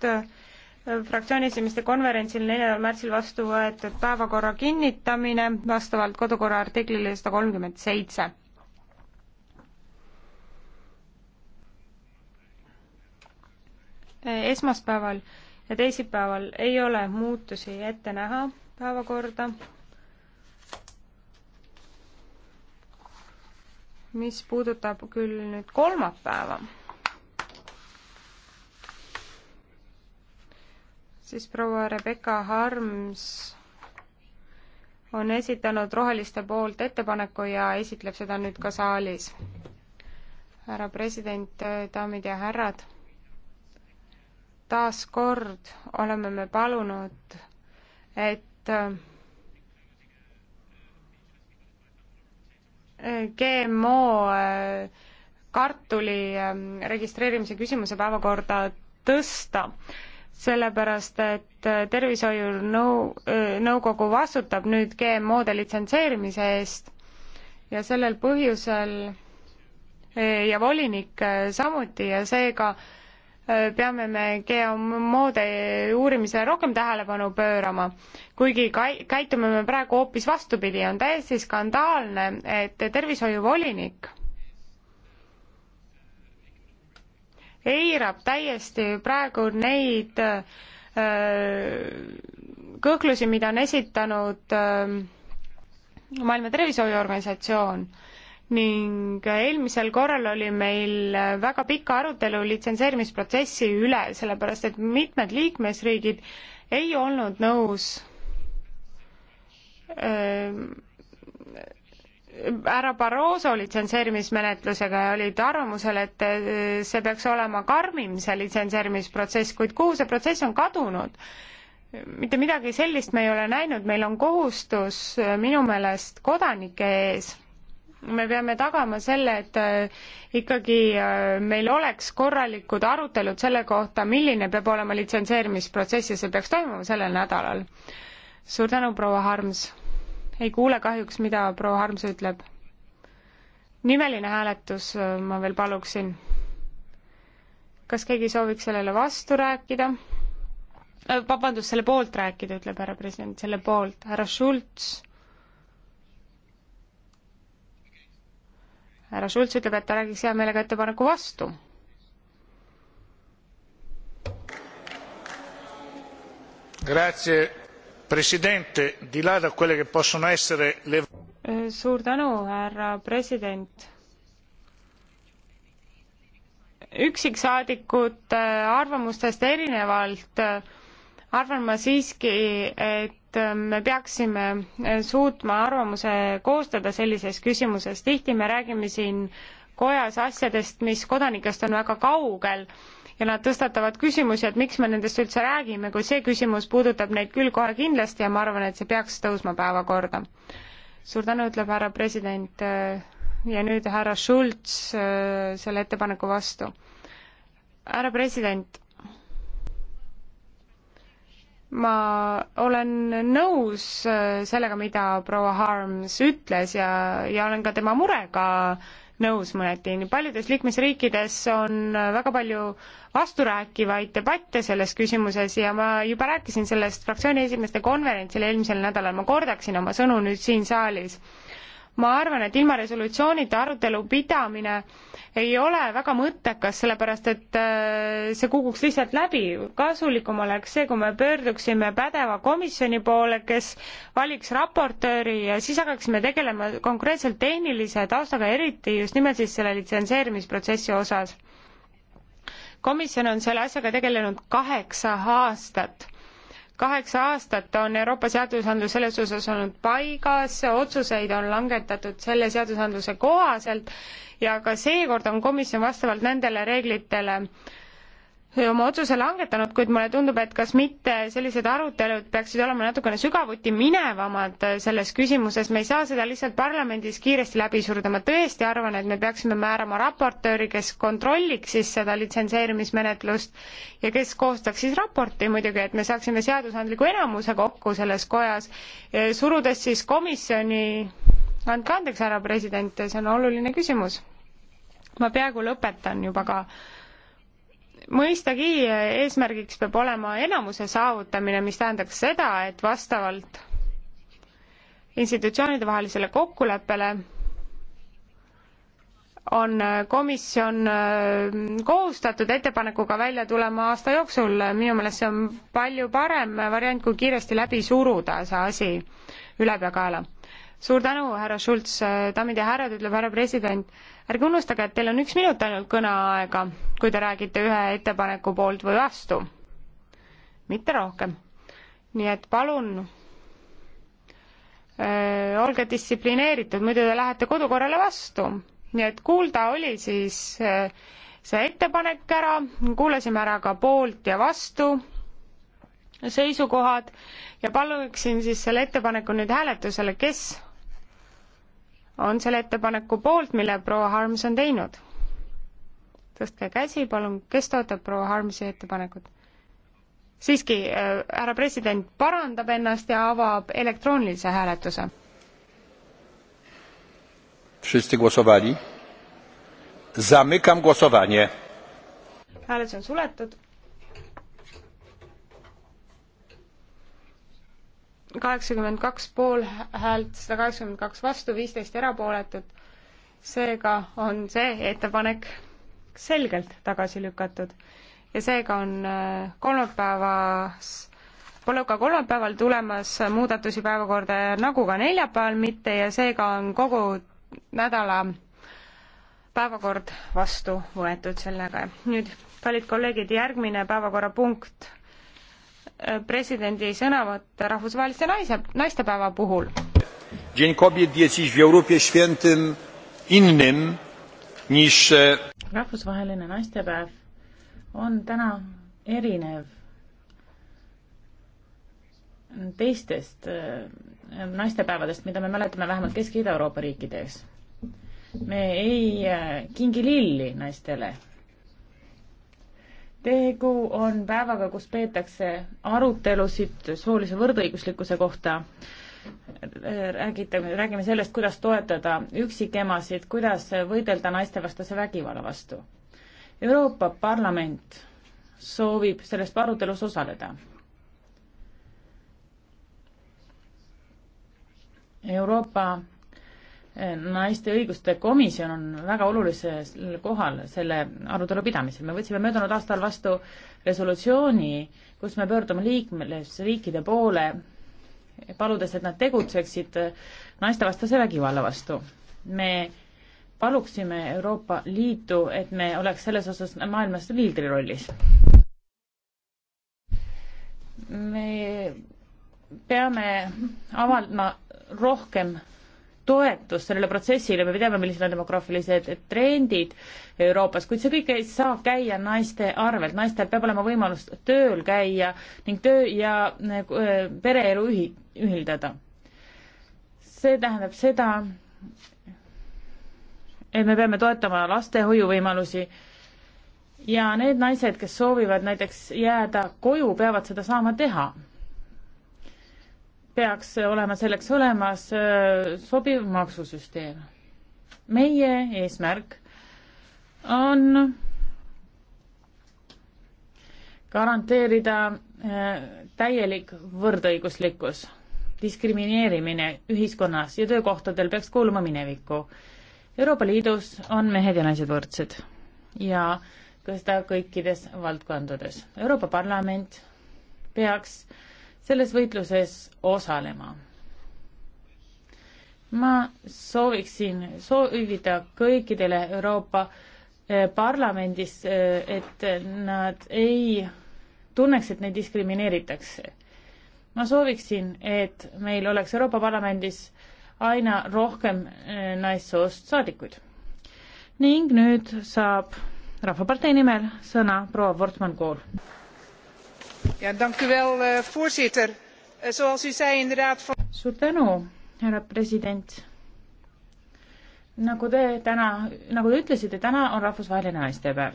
poolt äh, fraktsiooni esimeeste konverentsil neljandal märtsil vastu võetud päevakorra kinnitamine vastavalt kodukorra artiklile sada kolmkümmend seitse. Äh, esmaspäeval ja teisipäeval ei ole muutusi ette näha päevakorda. mis puudutab küll nüüd kolmapäeva siis proua Rebecca Harms on esitanud Roheliste poolt ettepaneku ja esitleb seda nüüd ka saalis. härra president, daamid ja härrad, taas kord oleme me palunud, et äh, GMO äh, kartuli ähm, registreerimise küsimuse päevakorda tõsta sellepärast et äh, Tervishoiunõu-, äh, nõukogu vastutab nüüd GMO-de litsenseerimise eest ja sellel põhjusel äh, ja volinik samuti ja seega peame me GMO-de uurimisele rohkem tähelepanu pöörama. kuigi käitume me praegu hoopis vastupidi, on täiesti skandaalne, et tervishoiuvolinik eirab täiesti praegu neid äh, kõhklusi, mida on esitanud äh, Maailma Tervishoiuorganisatsioon ning eelmisel korral oli meil väga pika arutelu litsenseerimisprotsessi üle, sellepärast et mitmed liikmesriigid ei olnud nõus öö, äh, härra Barroso litsenseerimismenetlusega ja olid arvamusel, et äh, see peaks olema karmim, see litsenseerimisprotsess, kuid kuhu see protsess on kadunud? mitte midagi sellist me ei ole näinud, meil on kohustus äh, minu meelest kodanike ees. me peame tagama selle, et äh, ikkagi meil oleks korralikud arutelud selle kohta, milline peab olema litsenseerimisprotsess ja see peaks toimuma sellel nädalal. suur tänu, proua Harms! ei kuule kahjuks, mida proua Harms ütleb. nimeline hääletus äh, ma veel paluksin. kas keegi sooviks sellele vastu rääkida? Äh, vabandust, selle poolt rääkida, ütleb härra president, selle poolt, härra Schultz. härra Schultz ütleb, et ta räägiks hea meelega ettepaneku vastu. Grazie presidente di là da quelle che possono essere le. Eh, suur tänu härra president üksiksaadikute eh, arvamustest erinevalt eh, arvan ma siiski et me peaksime suutma arvamuse koostada sellises küsimuses tihti me räägime siin kojas asjadest mis kodanikest on väga kaugel ja nad tõstatavad küsimusi, et miks me nendest üldse räägime, kui see küsimus puudutab neid küll kohe kindlasti ja ma arvan, et see peaks tõusma päevakorda. suur tänu, ütleb härra president äh, ja nüüd härra Schulz äh, selle ettepaneku vastu. härra president, ma olen nõus äh, sellega, mida proua Harms ütles ja, ja olen ka tema murega äh, nõus mõneti. paljudes liikmesriikides on väga palju vasturääkivaid debatte selles küsimuses ja ma juba rääkisin sellest fraktsiooni esimeeste konverentsil eelmisel nädalal, ma kordaksin oma sõnu nüüd siin saalis ma arvan, et ilma resolutsioonita arutelu pidamine ei ole väga mõttekas, sellepärast et äh, see kukuks lihtsalt läbi. kasulikum oleks see, kui me pöörduksime pädeva komisjoni poole, kes valiks raportööri ja siis hakkaksime tegelema konkreetselt tehnilise taustaga, eriti just nimelt siis selle litsenseerimisprotsessi osas. komisjon on selle asjaga tegelenud kaheksa aastat kaheksa aastat on Euroopa seadusandlus selles osas olnud paigas, otsuseid on langetatud selle seadusandluse kohaselt ja ka seekord on komisjon vastavalt nendele reeglitele äh, oma otsuse langetanud, kuid mulle tundub, et kas mitte sellised arutelud peaksid olema natukene sügavuti minevamad selles küsimuses, me ei saa seda lihtsalt parlamendis kiiresti läbi suruda, ma tõesti arvan, et me peaksime määrama raportööri, kes kontrolliks siis seda litsenseerimismenetlust ja kes koostaks siis raporti muidugi, et me saaksime seadusandliku enamuse kokku selles kojas, surudes siis komisjoni, andke andeks, härra president, see on oluline küsimus. ma peaaegu lõpetan juba ka mõistagi eesmärgiks peab olema enamuse saavutamine, mis tähendaks seda, et vastavalt institutsioonide vahelisele kokkuleppele on komisjon äh, kohustatud ettepanekuga välja tulema aasta jooksul, minu meelest see on palju parem variant, kui kiiresti läbi suruda see asi ülepeakaela suur tänu, härra Schulz, daamid ja härrad, ütleb härra president, ärge unustage, et teil on üks minut ainult kõneaega, kui te räägite ühe ettepaneku poolt või vastu. mitte rohkem. nii et palun öö, olge distsiplineeritud, muidu te lähete kodukorrale vastu. nii et kuulda oli siis öö, see ettepanek ära, kuulasime ära ka poolt ja vastu seisukohad ja paluksin siis selle ettepaneku nüüd hääletusele, kes on selle ettepaneku poolt, mille proua Harms on teinud? tõstke käsi, palun, kes toetab proua Harmsi ettepanekut? siiski, äh, härra president parandab ennast ja avab elektroonilise hääletuse. hääletus on suletud kaheksakümmend kaks poolhäält, sada kaheksakümmend kaks vastu, viisteist erapooletut. seega on see ettepanek selgelt tagasi lükatud ja seega on äh, kolmapäevas pole ka kolmapäeval tulemas muudatusi päevakorda nagu ka neljapäeval mitte ja seega on kogu nädala päevakord vastu võetud sellega. nüüd, kallid kolleegid, järgmine päevakorrapunkt presidendi sõnavõtt rahvusvahelise naise, naistepäeva puhul. E, rahvusvaheline naistepäev on täna erinev teistest e, naistepäevadest, mida me mäletame vähemalt Kesk- ja Ida-Euroopa riikides. me ei e, kingi lilli naistele tegu on päevaga, kus peetakse arutelusid soolise võrdõiguslikkuse kohta. räägitame, räägime sellest, kuidas toetada üksikemasid, kuidas võidelda naistevastase vägivalla vastu. Euroopa Parlament soovib selles arutelus osaleda. Euroopa naiste õiguste komisjon on väga olulisel kohal selle arutelu pidamisel. me võtsime möödunud aastal vastu resolutsiooni, kus me pöördume liikmesriikide poole, paludes, et nad tegutseksid naistevastase vägivalla vastu. me paluksime Euroopa Liitu, et me oleks selles osas maailmas liidrirollis. me peame avaldama rohkem toetust sellele protsessile, me teame, millised on demograafilised trendid Euroopas, kuid see kõik ei saa käia naiste arvelt, naistel peab olema võimalus tööl käia ning töö ja äh, pereelu ühi-, ühildada. see tähendab seda, et me peame toetama lastehoiuvõimalusi ja need naised, kes soovivad näiteks jääda koju, peavad seda saama teha peaks olema selleks olemas äh, sobiv maksusüsteem. meie eesmärk on garanteerida äh, täielik võrdõiguslikkus. diskrimineerimine ühiskonnas ja töökohtadel peaks kuuluma minevikku. Euroopa Liidus on mehed ja naised võrdsed ja seda kõikides valdkondades. Euroopa Parlament peaks äh, selles võitluses osalema. ma sooviksin soovida kõikidele Euroopa eh, Parlamendis, eh, et nad ei tunneks, et neid diskrimineeritakse. ma sooviksin, et meil oleks Euroopa Parlamendis aina rohkem eh, naissoost saadikuid. ning nüüd saab Rahvapartei nimel sõna proua Wortmann Kool. Eh, voorzitter eh, zoals u zei inderdaad. suur tänu härra president nagu te täna nagu te ütlesite täna on rahvusvaheline naistepäev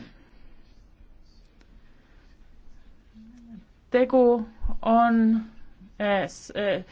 tegu on äh, äh,